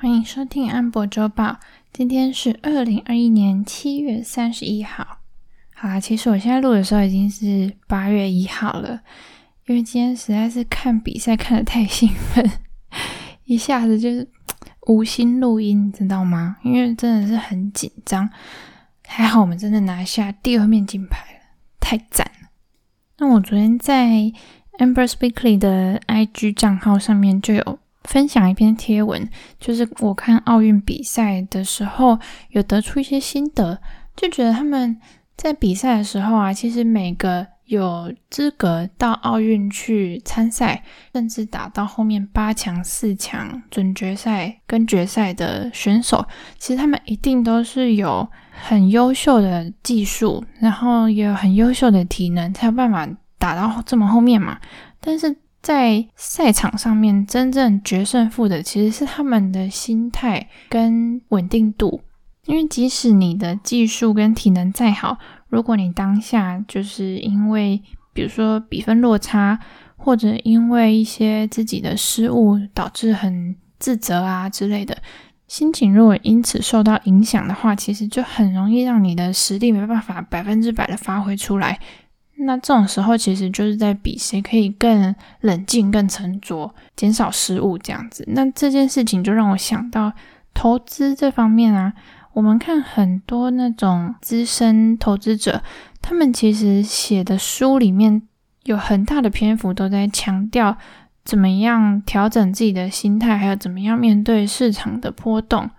歡迎收聽安博周報。今天是二零二一年七月三十一號。好啦，其實我現在錄的時候已經是八月一號了，因為今天實在是看比賽看得太興奮， 一下子就是無心錄音，知道嗎？因為真的是很緊張。還好我們真的拿下第二面金牌了，太贊了！那我昨天在 Amber's Weekly 的 IG 賬號上面就有分享一篇貼文，就是我看奧運比賽的時候，有得出一些心得，就覺得他們在比賽的時候啊，其實每個有資格到奧運去參賽，甚至打到後面八強、四強、準決賽跟決賽的選手，其實他們一定都是有很優秀的技術，然後也有很優秀的體能，才有辦法打到這麼後面嘛。但是。在賽場上面真正決勝負的其實是他們的心態跟穩定度，因為即使你的技術跟體能再好，如果你當下就是因為比如說比分落差，或者因為一些自己的失誤導致很自責啊之類的，心情如果因此受到影響的話，其實就很容易讓你的實力沒辦法百分之百的發揮出來。那這種時候，其實就是在比誰可以更冷靜、更沉着，減少失誤這樣子。那這件事情就讓我想到投資這方面啊，我們看很多那種資深投資者，他們其實寫的書裡面有很大的篇幅都在強調，怎麼樣調整自己的心態，還有怎麼樣面對市場的波動。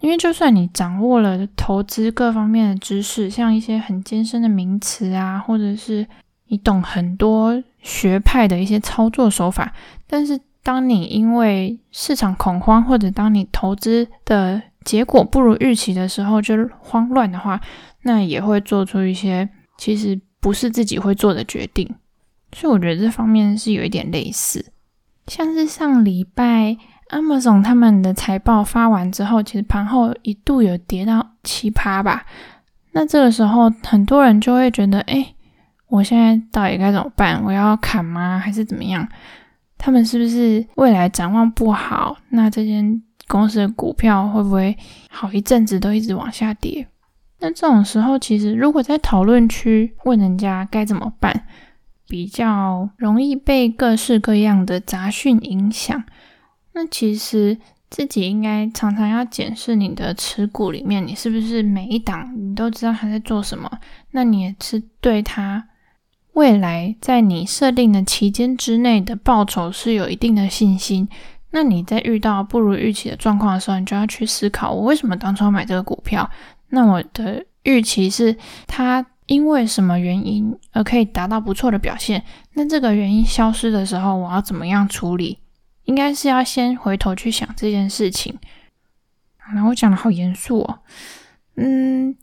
因為就算你掌握了投資各方面的知識，像一些很艱深的名詞啊，或者是你懂很多學派的一些操作手法，但是當你因為市場恐慌，或者當你投資的結果不如預期的時候，就慌亂的話，那也會做出一些其實不是自己會做的決定。所以我覺得這方面是有一點類似，像是上禮拜 Amazon 他們的財報發完之後，其實盤後一度有跌到七趴吧。那這個時候，很多人就會覺得：哎、欸，我現在到底該怎麼辦？我要砍嗎？還是怎麼樣？他們是不是未來展望不好？那這間公司的股票會不會好一陣子都一直往下跌？那這種時候，其實如果在討論區問人家該怎麼辦，比較容易被各式各樣的雜訊影響。那其實自己應該常常要檢視你的持股裡面，你是不是每一檔你都知道他在做什麼？那你也是對他未來在你設定的期間之內的報酬是有一定的信心。那你在遇到不如預期的狀況的時候，你就要去思考：我為什麼當初買這個股票？那我的預期是它因為什麼原因而可以達到不錯的表現？那這個原因消失的時候，我要怎麼樣處理？應該是要先回頭去想這件事情，然後我講的好嚴肅哦，嗯，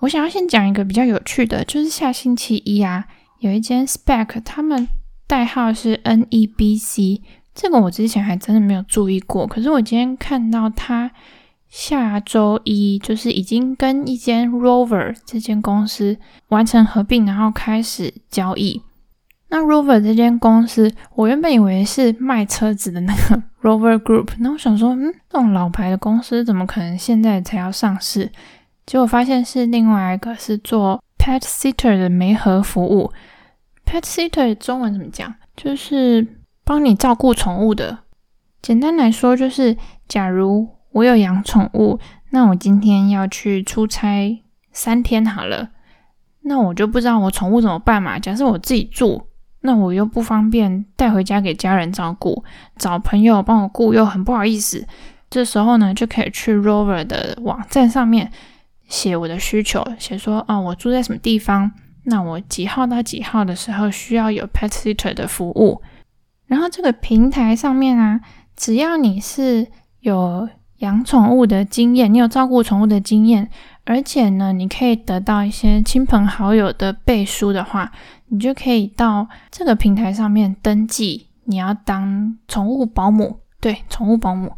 我想要先講一個比較有趣的，就是下星期一啊，有一間 SPAC，他們代號是 NEBC。這個我之前還真的沒有注意過，可是我今天看到他下週一就是已經跟一間 Rover 這間公司完成合併，然後開始交易。那 Rover 這間公司，我原本以為是賣車子的那個 Rover Group，那我想說，嗯，這種老牌的公司怎麼可能現在才要上市？結果發現是另外一個是做 Pet Sitter 的媒合服務。Pet Sitter 中文怎麼講？就是幫你照顧寵物的。簡單來說，就是假如我有養寵物，那我今天要去出差三天好了，那我就不知道我寵物怎麼辦嘛？假設我自己住。那我又不方便帶回家給家人照顧，找朋友幫我顧又很不好意思。這時候呢，就可以去 Rover 的網站上面寫我的需求，寫說啊、哦，我住在什麼地方，那我幾號到幾號的時候需要有 pet sitter 的服務。然後這個平台上面啊，只要你是有養寵物的經驗，你有照顧寵物的經驗而且呢，你可以得到一些親朋好友的背書的話，你就可以到這個平台上面登記，你要當寵物保姆，對，寵物保姆。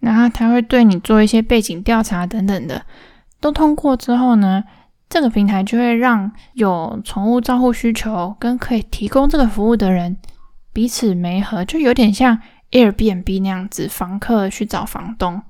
然後他會對你做一些背景調查等等的，都通過之後呢，這個平台就會讓有寵物照護需求跟可以提供這個服務的人彼此媒合，就有點像 Airbnb 那樣子，房客去找房東，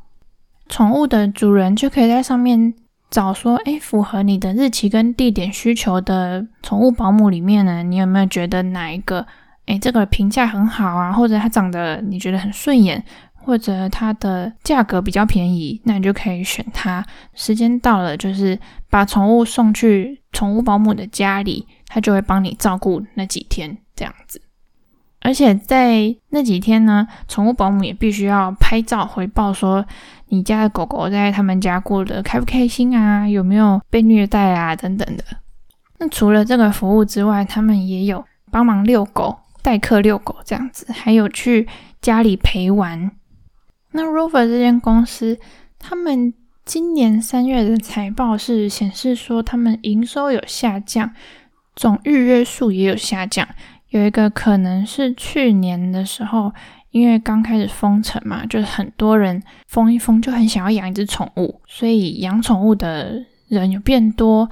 寵物的主人就可以在上面。找說，誒，符合你的日期跟地點需求的寵物保姆裡面呢，你有沒有覺得哪一個，誒，這個評價很好啊，或者它長得你覺得很順眼，或者它的價格比較便宜，那你就可以選它。時間到了，就是把寵物送去寵物保姆的家裡，他就會幫你照顧那幾天，這樣子。而且在那幾天呢，寵物保姆也必須要拍照回報，說你家的狗狗在他們家過得開不開心啊，有沒有被虐待啊等等的。那除了這個服務之外，他們也有幫忙遛狗、代客遛狗這樣子，還有去家裡陪玩。那 Rover 這間公司，他們今年三月的財報是顯示說，他們營收有下降，總預約數也有下降。有一個可能是去年的時候，因為剛開始封城嘛，就是很多人封一封就很想要養一隻寵物，所以養寵物的人有變多。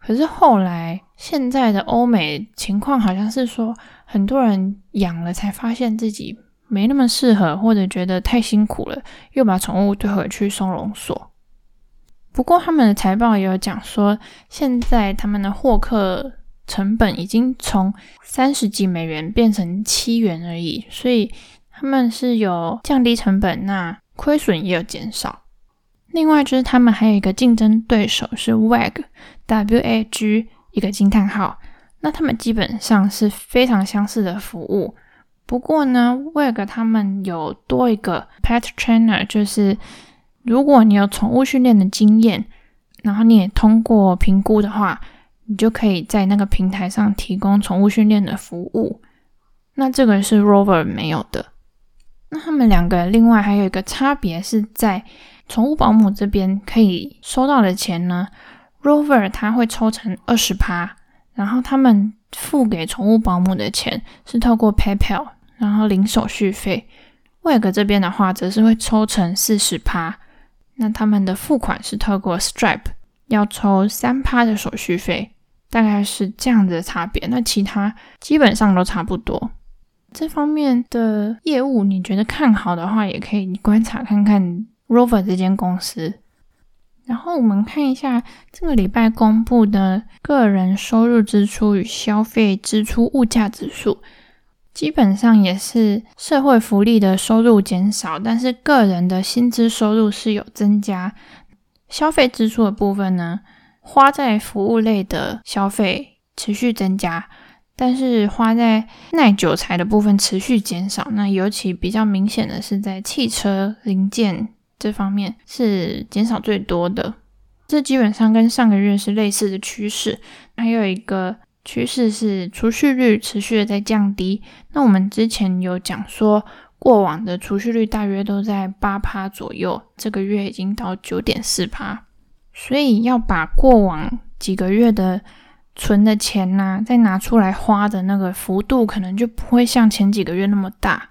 可是後來現在的歐美情況好像是說，很多人養了才發現自己沒那麼適合，或者覺得太辛苦了，又把寵物退回去收容所。不過他們的財報也有講說，現在他們的獲客成本已經從三十幾美元變成七元而已，所以他們是有降低成本，那虧損也有減少。另外就是他們還有一個競爭對手是 WAG，W A G 一個驚嘆號，那他們基本上是非常相似的服務。不過呢，WAG 他們有多一個 Pet Trainer，就是如果你有寵物訓練的經驗，然後你也通過評估的話。你就可以在那個平臺上提供寵物訓練的服務，那這個是 Rover 沒有的。那他們兩個另外還有一個差別是在寵物保姆這邊可以收到的錢呢，Rover 它會抽成二十趴，然後他們付給寵物保姆的錢是透過 PayPal，然後零手續費。Wag 這邊的話則是會抽成四十趴，那他們的付款是透過 Stripe，要抽三趴的手續費。大概是這樣子的差別，那其他基本上都差不多。這方面的業務，你覺得看好的話，也可以觀察看看 Rover 這間公司。然後我們看一下這個禮拜公布的個人收入支出與消費支出物價指數，基本上也是社會福利的收入減少，但是個人的薪資收入是有增加。消費支出的部分呢？花在服務類的消費持續增加，但是花在耐久財的部分持續減少。那尤其比較明顯的是在汽車零件這方面是減少最多的。這基本上跟上個月是類似的趨勢。還有一個趨勢是儲蓄率持續的在降低。那我們之前有講說過往的儲蓄率大約都在八趴左右，這個月已經到九點四趴。所以要把過往幾個月的存的錢呐、啊，再拿出來花的那個幅度，可能就不會像前幾個月那麼大。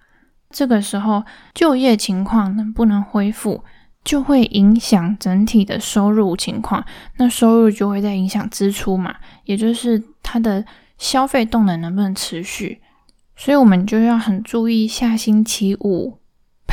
這個時候就業情況能不能恢復，就會影響整體的收入情況，那收入就會再影響支出嘛，也就是它的消費動能能不能持續。所以我們就要很注意下星期五。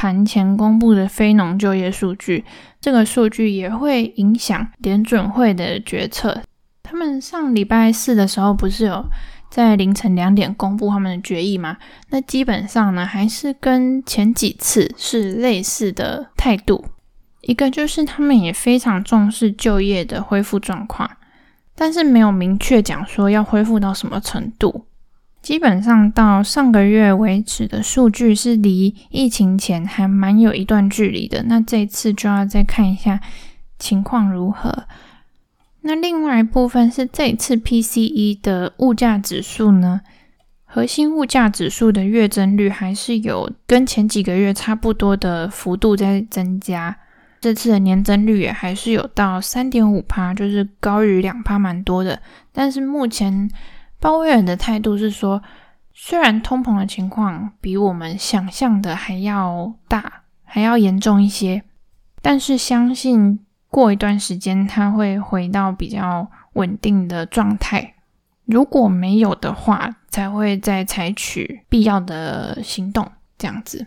盤前公布的非農就業數據，這個數據也會影響聯準會的決策。他們上禮拜四的時候不是有在凌晨兩點公布他們的決議嗎？那基本上呢，還是跟前幾次是類似的態度。一個就是他們也非常重視就業的恢復狀況，但是沒有明確講說要恢復到什麼程度。基本上到上個月為止的數據是離疫情前還蠻有一段距離的，那這次就要再看一下情況如何。那另外一部分是這次 PCE 的物價指數呢，核心物價指數的月增率還是有跟前幾個月差不多的幅度在增加，這次的年增率也還是有到三點五帕，就是高於兩帕蠻多的，但是目前。鮑威爾的態度是說，雖然通膨的情況比我們想象的還要大，還要嚴重一些，但是相信過一段時間它會回到比較穩定的狀態。如果沒有的話，才會再採取必要的行動。這樣子。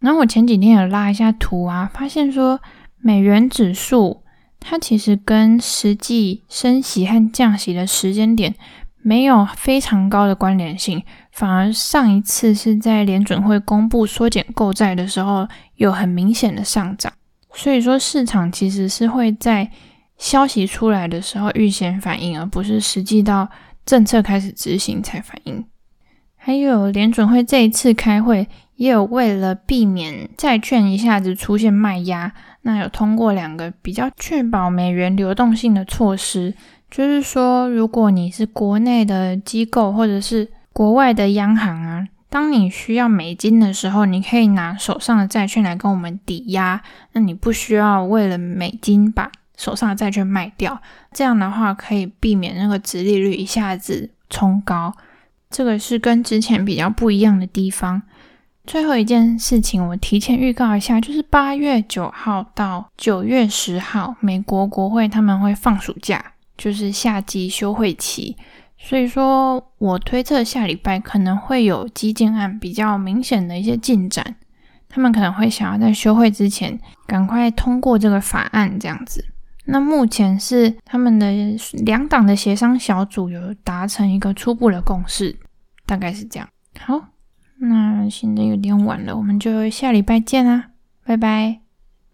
然後我前幾天也拉一下圖啊，發現說美元指數它其實跟實際升息和降息的時間點。沒有非常高的關聯性，反而上一次是在聯準會公布縮減購債的時候有很明顯的上漲，所以說市場其實是會在消息出來的時候預先反應，而不是實際到政策開始執行才反應。還有聯準會這一次開會，也有為了避免債券一下子出現賣壓，那有通過兩個比較確保美元流動性的措施。就是說，如果你是國內的機構，或者是國外的央行啊，當你需要美金的時候，你可以拿手上的債券來跟我們抵押，那你不需要為了美金把手上的債券賣掉。這樣的話，可以避免那個殖利率一下子衝高。這個是跟之前比較不一樣的地方。最後一件事情，我提前預告一下，就是八月九號到九月十號，美國國會他們會放暑假。就是夏季休會期，所以說我推測下禮拜可能會有基建案比較明顯的一些進展，他們可能會想要在休會之前趕快通過這個法案這樣子。那目前是他們的兩黨的協商小組有達成一個初步的共識，大概是這樣。好，那現在有點晚了，我們就下禮拜見啦，拜拜。